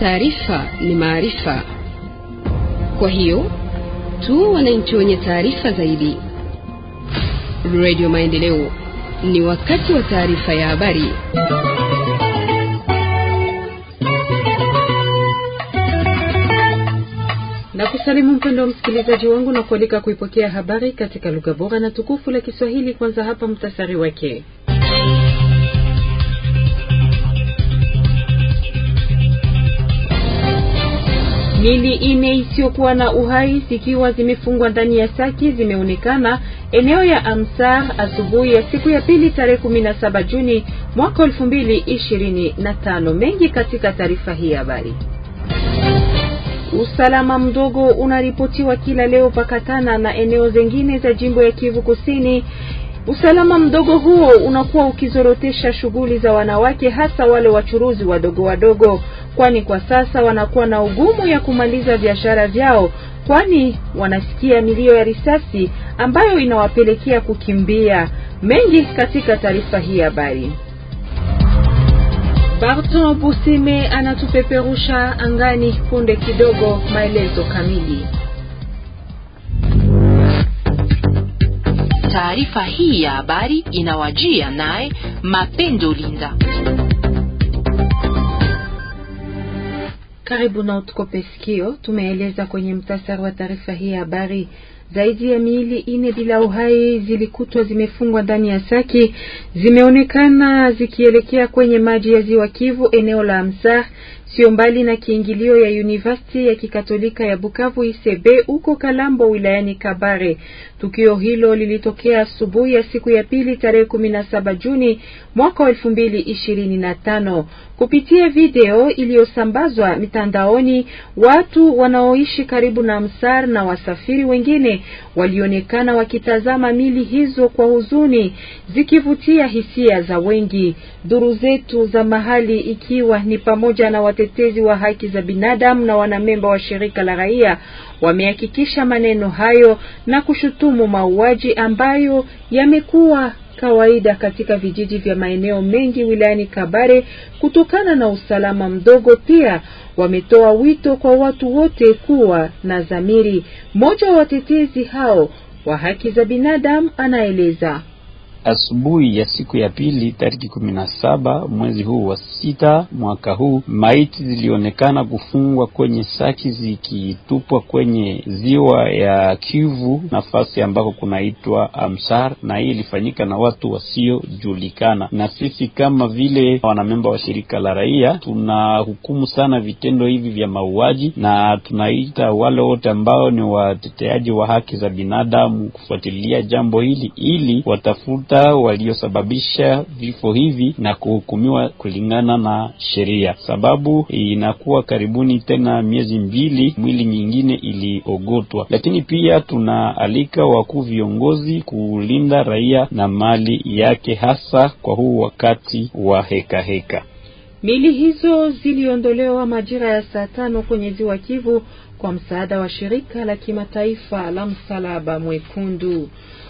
Taarifa ni maarifa, kwa hiyo tu wananchi wenye taarifa zaidi. Radio Maendeleo, ni wakati wa taarifa ya habari. Na kusalimu mpendo wa msikilizaji wangu na kualika kuipokea habari katika lugha bora na tukufu la Kiswahili. Kwanza hapa mtasari wake mili ine isiyokuwa na uhai zikiwa zimefungwa ndani ya saki zimeonekana eneo ya Amsar asubuhi ya siku ya pili tarehe 17 Juni mwaka 2025. Mengi katika taarifa hii habari. Usalama mdogo unaripotiwa kila leo pakatana na eneo zengine za jimbo ya Kivu Kusini Usalama mdogo huo unakuwa ukizorotesha shughuli za wanawake hasa wale wachuruzi wadogo wadogo, kwani kwa sasa wanakuwa na ugumu ya kumaliza biashara vyao, kwani wanasikia milio ya risasi ambayo inawapelekea kukimbia. Mengi katika taarifa hii habari. Barton Busime anatupeperusha angani punde kidogo maelezo kamili. Taarifa hii ya habari inawajia naye Mapendo Linda. Karibu na utukope sikio, tumeeleza kwenye mtasari wa taarifa hii ya habari. Zaidi ya miili ine bila uhai zilikutwa zimefungwa ndani ya saki, zimeonekana zikielekea kwenye maji ya ziwa Kivu, eneo la Amsar sio mbali na kiingilio ya University ya Kikatolika ya Bukavu ICB huko Kalambo wilayani Kabare. Tukio hilo lilitokea asubuhi ya siku ya pili tarehe 17 Juni mwaka wa tano. Kupitia video iliyosambazwa mitandaoni, watu wanaoishi karibu na Msar na wasafiri wengine walionekana wakitazama mili hizo kwa huzuni, zikivutia hisia za wengi. Duru zetu za mahali ikiwa ni pamoja na wate watetezi wa haki za binadamu na wanamemba wa shirika la raia wamehakikisha maneno hayo na kushutumu mauaji ambayo yamekuwa kawaida katika vijiji vya maeneo mengi wilayani Kabare kutokana na usalama mdogo. Pia wametoa wito kwa watu wote kuwa na dhamiri. Mmoja wa watetezi hao wa haki za binadamu anaeleza asubuhi ya siku ya pili tariki kumi na saba mwezi huu wa sita mwaka huu, maiti zilionekana kufungwa kwenye saki zikitupwa kwenye ziwa ya Kivu, nafasi ambako kunaitwa Amsar, na hii ilifanyika na watu wasiojulikana. Na sisi kama vile wanamemba wa shirika la raia tunahukumu sana vitendo hivi vya mauaji, na tunaita wale wote ambao ni wateteaji wa haki za binadamu kufuatilia jambo hili ili watafuta maafisa waliosababisha vifo hivi na kuhukumiwa kulingana na sheria. Sababu inakuwa karibuni tena miezi mbili mwili nyingine iliogotwa, lakini pia tunaalika wakuu viongozi kulinda raia na mali yake, hasa kwa huu wakati wa hekaheka heka. Mili hizo ziliondolewa majira ya saa tano kwenye ziwa Kivu kwa msaada wa shirika la kimataifa la msalaba mwekundu.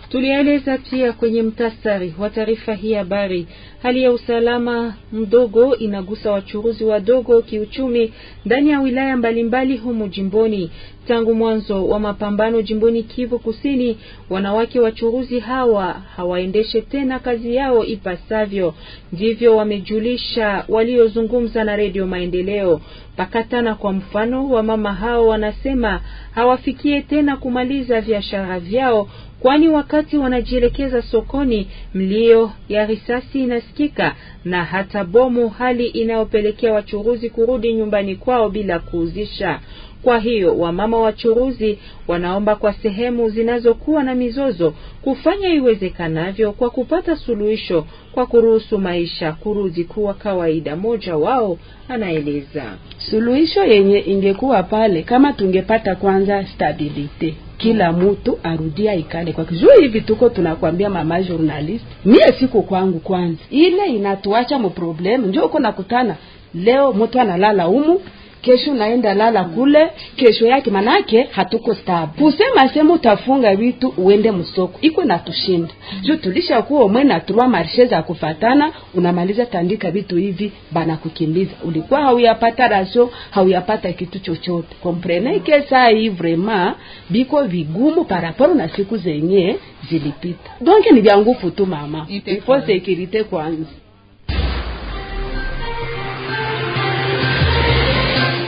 Tulieleza pia kwenye mtasari wa taarifa hii habari, hali ya usalama mdogo inagusa wachuruzi wadogo kiuchumi ndani ya wilaya mbalimbali humu jimboni. Tangu mwanzo wa mapambano jimboni Kivu Kusini, wanawake wachuruzi hawa hawaendeshe tena kazi yao ipasavyo, ndivyo wamejulisha waliozungumza na Redio Maendeleo Pakatana. Kwa mfano wa mama hao wanasema hawafikie tena kumaliza biashara vyao, kwani wakati wanajielekeza sokoni mlio ya risasi inasikika na hata bomu, hali inayopelekea wachuruzi kurudi nyumbani kwao bila kuuzisha. Kwa hiyo wamama wachuruzi wanaomba kwa sehemu zinazokuwa na mizozo kufanya iwezekanavyo kwa kupata suluhisho kwa kuruhusu maisha kurudi kuwa kawaida. Moja wao anaeleza suluhisho yenye ingekuwa pale kama tungepata kwanza stabilite kila mtu arudia ikale kwa kizu hivi tuko tunakwambia mama journalist, mie siku kwangu kwanza, ile inatuacha mu problem, ndio uko nakutana leo mtu analala umu kesho naenda lala kule, kesho yake manake hatuko stable. Kusema sema utafunga vitu uende msoko iko na tushinda juu tulisha kuwa umwe na trois marche za kufatana, unamaliza tandika vitu hivi bana kukimbiza, ulikuwa hauyapata rasio hauyapata kitu chochote. Comprene ke saa hii vraiment biko vigumu paraporo na siku zenye zilipita, donc ni vya ngufu tu mama, ifo securite kwanza.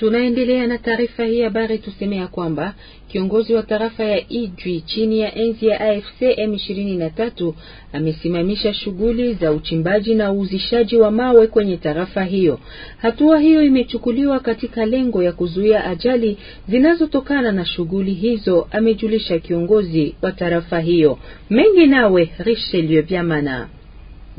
Tunaendelea na taarifa hii habari, tusemea kwamba kiongozi wa tarafa ya Ijwi chini ya enzi ya AFC M23 amesimamisha shughuli za uchimbaji na uuzishaji wa mawe kwenye tarafa hiyo. Hatua hiyo imechukuliwa katika lengo ya kuzuia ajali zinazotokana na shughuli hizo, amejulisha kiongozi wa tarafa hiyo. Mengi nawe Richelieu Byamana.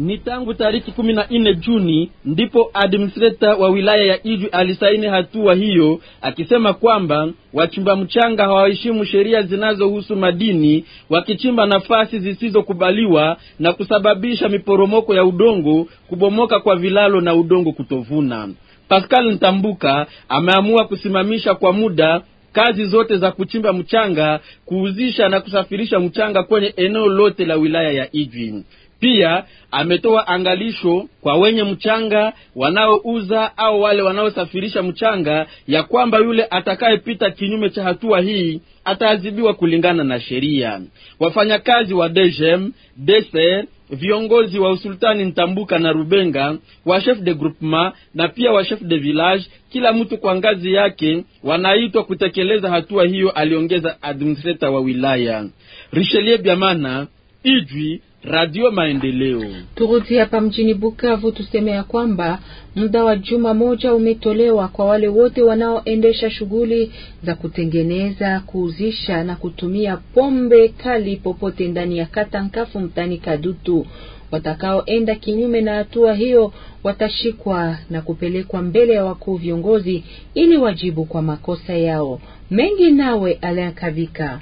Ni tangu tariki kumi na nne Juni ndipo administreta wa wilaya ya Ijwi alisaini hatua hiyo akisema kwamba wachimba mchanga hawaheshimu sheria zinazohusu madini, wakichimba nafasi zisizokubaliwa na kusababisha miporomoko ya udongo, kubomoka kwa vilalo na udongo kutovuna. Pascal Ntambuka ameamua kusimamisha kwa muda kazi zote za kuchimba mchanga, kuuzisha na kusafirisha mchanga kwenye eneo lote la wilaya ya Ijwi. Pia ametoa angalisho kwa wenye mchanga wanaouza au wale wanaosafirisha mchanga ya kwamba yule atakayepita kinyume cha hatua hii ataadhibiwa kulingana na sheria. Wafanyakazi wa DGM, DSR, viongozi wa usultani Ntambuka na Rubenga, wa chef de groupement na pia wa chef de village, kila mtu kwa ngazi yake, wanaitwa kutekeleza hatua hiyo, aliongeza administrator wa wilaya Richelieu Biamana Ijwi Radio Maendeleo. Turudi hapa mjini Bukavu, tuseme ya kwamba muda wa juma moja umetolewa kwa wale wote wanaoendesha shughuli za kutengeneza, kuuzisha na kutumia pombe kali popote ndani ya kata Nkafu mtani Kadutu. Watakaoenda kinyume na hatua hiyo watashikwa na kupelekwa mbele ya wakuu viongozi ili wajibu kwa makosa yao mengi. Nawe Alain Kavika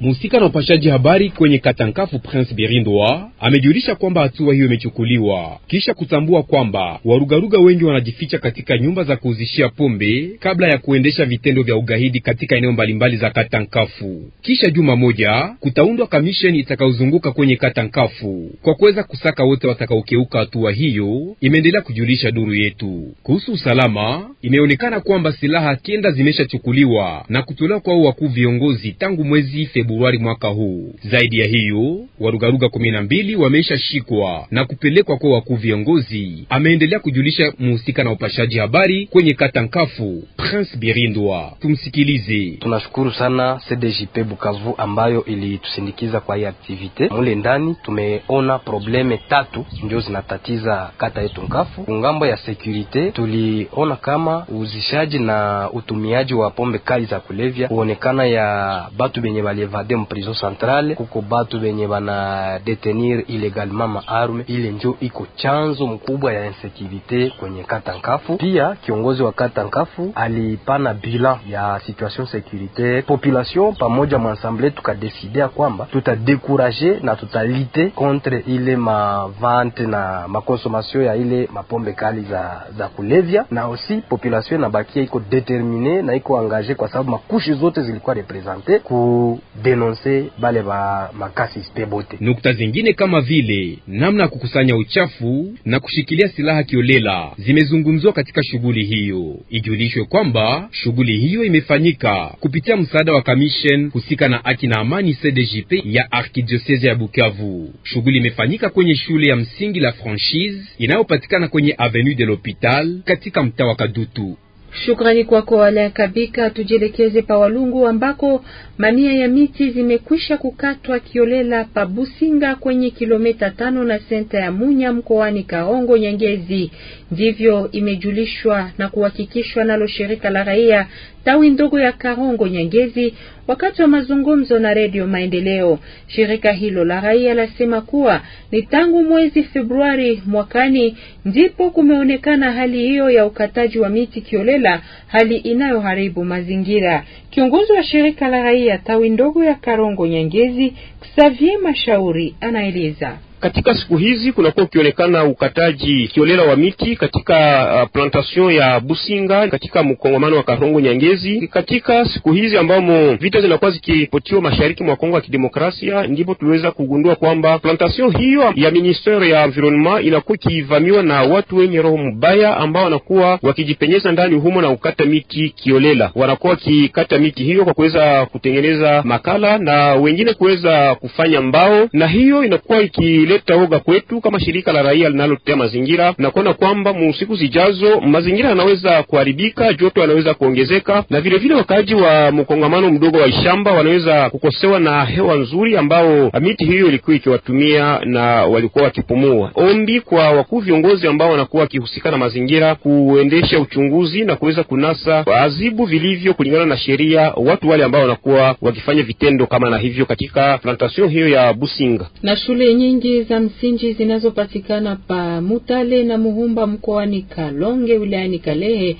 Musika na upashaji habari kwenye Katankafu Prince Birindwa amejulisha kwamba hatua hiyo imechukuliwa kisha kutambua kwamba warugaruga wengi wanajificha katika nyumba za kuuzishia pombe kabla ya kuendesha vitendo vya ugaidi katika eneo mbalimbali za Katankafu. Kisha juma moja kutaundwa kamisheni itakayozunguka kwenye Katankafu kwa kuweza kusaka wote watakaokeuka hatua hiyo, imeendelea kujulisha duru yetu. Kuhusu usalama, imeonekana kwamba silaha kenda zimeshachukuliwa na kutolewa kwao wakuu viongozi tangu mwezi Februari mwaka huu. Zaidi ya hiyo, warugaruga kumi na mbili wameshashikwa na kupelekwa kwa wakuu viongozi, ameendelea kujulisha muhusika na upashaji habari kwenye kata Nkafu, Prince Birindwa. Tumsikilize. Tunashukuru sana CDJP Bukavu ambayo ilitusindikiza kwa hii aktivite mule ndani. Tumeona probleme tatu ndio zinatatiza kata yetu Nkafu. Kungambo ya sekurite, tuliona kama uuzishaji na utumiaji wa pombe kali za kulevya kuonekana ya batu benye baleva evader mprison centrale, kuko batu benye bana detenir ma arme Ile njo iko chanzo mkubwa ya insekirite kwenye kata Nkafu. Pia kiongozi wa kata Nkafu alipana bilan ya situation securite population pamoja mwansamble, tukadesidea kwamba tutadekuraje na tutalite contre ile mavante na makonsomation ya ile mapombe kali za, za kulevya, na osi population inabakia iko determine na iko angaje, kwa sababu makushi zote zilikuwa represente ku kudenonse bale ba makasi stebote. Nukta zingine kama vile namna ya kukusanya uchafu na kushikilia silaha kiolela zimezungumzwa katika shughuli hiyo. Ijulishwe kwamba shughuli hiyo imefanyika kupitia msaada wa kamishen husika na haki na amani CDGP ya arkidioseze ya Bukavu. Shughuli imefanyika kwenye shule ya msingi la Franchise inayopatikana kwenye avenue de l'Hopital katika mtaa wa Kadutu. Shukrani kwako Alain Kabika. Tujielekeze pa Walungu ambako mamia ya miti zimekwisha kukatwa kiolela pa Businga kwenye kilomita tano na senta ya Munya mkoani Kaongo Nyangezi. Ndivyo imejulishwa na kuhakikishwa nalo shirika la raia tawi ndogo ya Karongo nyengezi wakati wa mazungumzo na Redio Maendeleo. Shirika hilo la raia lasema kuwa ni tangu mwezi Februari mwakani ndipo kumeonekana hali hiyo ya ukataji wa miti kiolela, hali inayoharibu mazingira. Kiongozi wa shirika la raia tawi ndogo ya Karongo nyengezi Xavier Mashauri, anaeleza. Katika siku hizi kunakuwa ukionekana ukataji kiolela wa miti katika uh, plantation ya Businga katika mkongomano wa Karongo Nyangezi. Katika siku hizi ambamo vita zinakuwa zikiripotiwa mashariki mwa Kongo ya Kidemokrasia, ndipo tuliweza kugundua kwamba plantation hiyo ya Ministere ya Environment inakuwa ikivamiwa na watu wenye roho mbaya ambao wanakuwa wakijipenyeza ndani humo na ukata miti kiolela. Wanakuwa wakikata miti hiyo kwa kuweza kutengeneza makala na wengine kuweza kufanya mbao, na hiyo inakuwa ikile kuleta woga kwetu kama shirika la raia linalotetea mazingira na kuona kwamba musiku zijazo mazingira yanaweza kuharibika, joto yanaweza kuongezeka, na vilevile wakaaji wa mkongamano mdogo wa Ishamba wanaweza kukosewa na hewa nzuri ambao miti hiyo ilikuwa ikiwatumia na walikuwa wakipumua. Ombi kwa wakuu viongozi ambao wanakuwa wakihusika na mazingira kuendesha uchunguzi na kuweza kunasa adhibu vilivyo kulingana na sheria watu wale ambao wanakuwa wakifanya vitendo kama na hivyo katika plantation hiyo ya Businga na shule nyingi za msingi zinazopatikana pa Mutale na Muhumba mkoani Kalonge wilayani Kalehe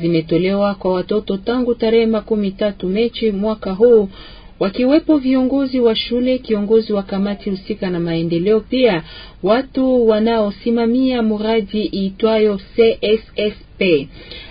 zimetolewa kwa watoto tangu tarehe makumi tatu Mechi mwaka huu wakiwepo viongozi wa shule, kiongozi wa kamati husika na maendeleo, pia watu wanaosimamia muradi iitwayo CSSP.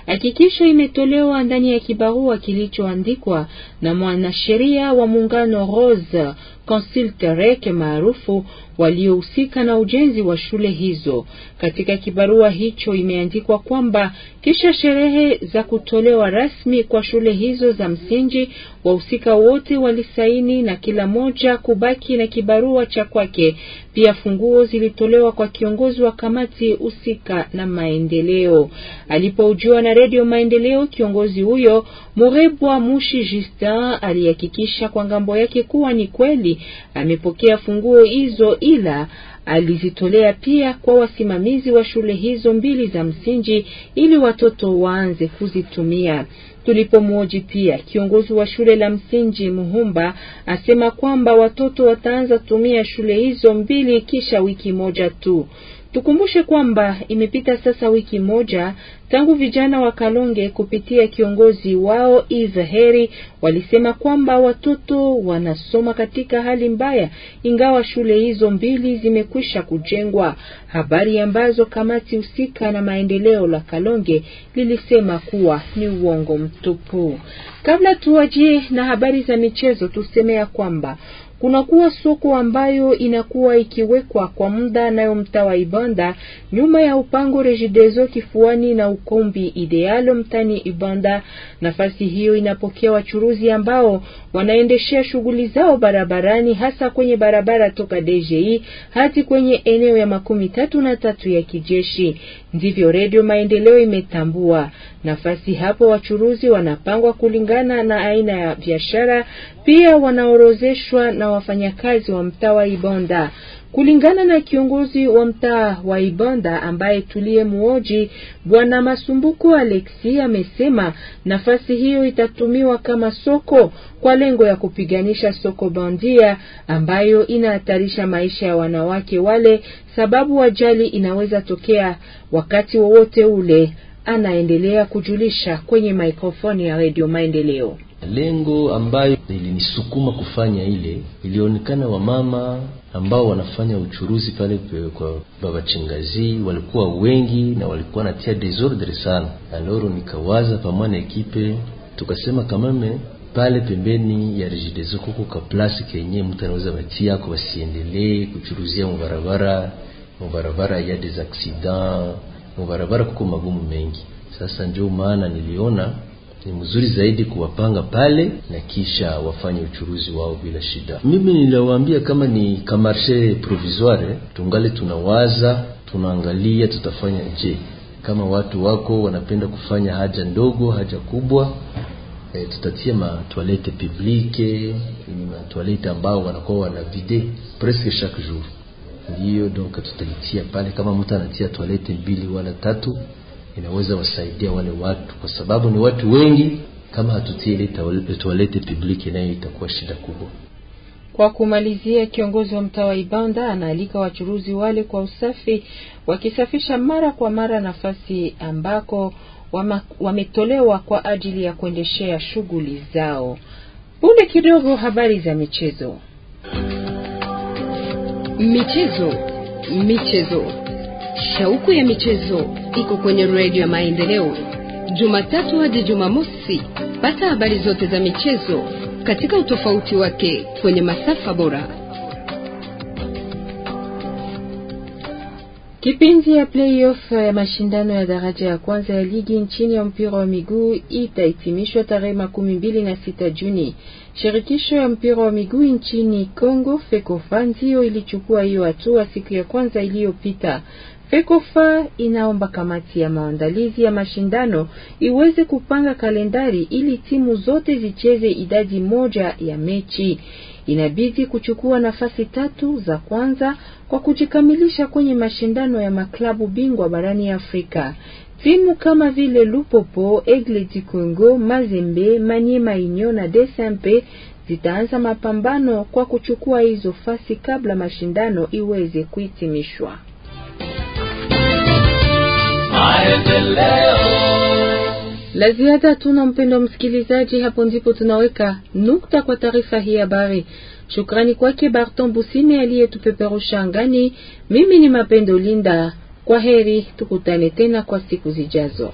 Hakikisho imetolewa ndani ya kibarua kilichoandikwa na mwanasheria wa muungano Rose Konsil Tereke maarufu waliohusika na ujenzi wa shule hizo. Katika kibarua hicho imeandikwa kwamba kisha sherehe za kutolewa rasmi kwa shule hizo za msingi, wahusika wote walisaini na kila moja kubaki na kibarua cha kwake. Pia funguo zilitolewa kwa kiongozi wa kamati husika na maendeleo. Alipoujiwa na Redio Maendeleo, kiongozi huyo Murebwa Mushi Justin alihakikisha kwa ngambo yake kuwa ni kweli amepokea funguo hizo, ila alizitolea pia kwa wasimamizi wa shule hizo mbili za msingi ili watoto waanze kuzitumia. Tulipomwoji pia kiongozi wa shule la msingi Muhumba asema kwamba watoto wataanza tumia shule hizo mbili kisha wiki moja tu. Tukumbushe kwamba imepita sasa wiki moja tangu vijana wa Kalonge kupitia kiongozi wao Eve Heri walisema kwamba watoto wanasoma katika hali mbaya, ingawa shule hizo mbili zimekwisha kujengwa, habari ambazo kamati husika na maendeleo la Kalonge lilisema kuwa ni uongo mtupu. Kabla tuwajie na habari za michezo, tusemea kwamba kunakuwa soko ambayo inakuwa ikiwekwa kwa muda nayo mtaa wa Ibanda nyuma ya upango Rejidezo kifuani na ukombi idealo mtani Ibanda. Nafasi hiyo inapokea wachuruzi ambao wanaendeshea shughuli zao barabarani, hasa kwenye barabara toka DJI e hadi kwenye eneo ya makumi tatu na tatu ya kijeshi. Ndivyo Redio Maendeleo imetambua nafasi hapo. Wachuruzi wanapangwa kulingana na aina ya biashara, pia wanaorozeshwa na wafanyakazi wa mtaa wa Ibonda. Kulingana na kiongozi wa mtaa wa Ibanda ambaye tuliye muoji Bwana Masumbuko Alexi amesema nafasi hiyo itatumiwa kama soko kwa lengo ya kupiganisha soko bandia ambayo inahatarisha maisha ya wanawake wale, sababu ajali inaweza tokea wakati wowote ule. Anaendelea kujulisha kwenye mikrofoni ya Redio Maendeleo. Lengo ambayo ilinisukuma kufanya ile, ilionekana wamama ambao wanafanya uchuruzi pale kwa baba chingazi walikuwa wengi na walikuwa natia desordre sana. Aloro nikawaza pamoja na ekipe, tukasema kamame pale pembeni ya rigidezo kuko ka place kenye mtu anaweza batia kwa basiendelee kuchuruzia mubarabara mubarabara ya des accidents mubarabara kuko magumu mengi. Sasa ndio maana niliona ni mzuri zaidi kuwapanga pale na kisha wafanye uchuruzi wao bila shida. Mimi niliwaambia kama ni kamarshe provisoire, tungali tunawaza, tunaangalia tutafanya je, kama watu wako wanapenda kufanya haja ndogo, haja kubwa E, tutatia matoalete publique ni matoalete ambao wanakuwa wana vide presque chaque jour, ndiyo donc tutaitia pale. Kama mtu anatia toilette mbili wala tatu inaweza wasaidia wale watu, kwa sababu ni watu wengi. Kama hatutii ile toalete publiki, nayo itakuwa shida kubwa. Kwa kumalizia, kiongozi wa mtaa wa Ibanda anaalika wachuruzi wale kwa usafi, wakisafisha mara kwa mara nafasi ambako wametolewa kwa ajili ya kuendeshea shughuli zao. Punde kidogo, habari za michezo. Michezo, michezo Shauku ya michezo iko kwenye redio ya Maendeleo, Jumatatu hadi Jumamosi. Pata habari zote za michezo katika utofauti wake kwenye masafa bora. Kipindi ya playoff ya mashindano ya daraja ya kwanza ya ligi nchini ya mpira wa miguu itahitimishwa tarehe makumi mbili na sita Juni. Shirikisho ya mpira wa miguu nchini congo FEKOFA, ndiyo ilichukua hiyo hatua siku ya kwanza iliyopita. Ekofa inaomba kamati ya maandalizi ya mashindano iweze kupanga kalendari ili timu zote zicheze idadi moja ya mechi. Inabidi kuchukua nafasi tatu za kwanza kwa kujikamilisha kwenye mashindano ya maklabu bingwa barani Afrika. Timu kama vile Lupopo, du Congo, Mazembe, Maniema Union na DSMP zitaanza mapambano kwa kuchukua hizo fasi kabla mashindano iweze kuhitimishwa. La ziada tuna mpendo wa msikilizaji, hapo ndipo tunaweka nukta kwa taarifa hii habari. Shukrani kwake Barton Busime aliyetupeperusha angani. Mimi ni Mapendo Linda, kwa heri, tukutane tena kwa siku zijazo.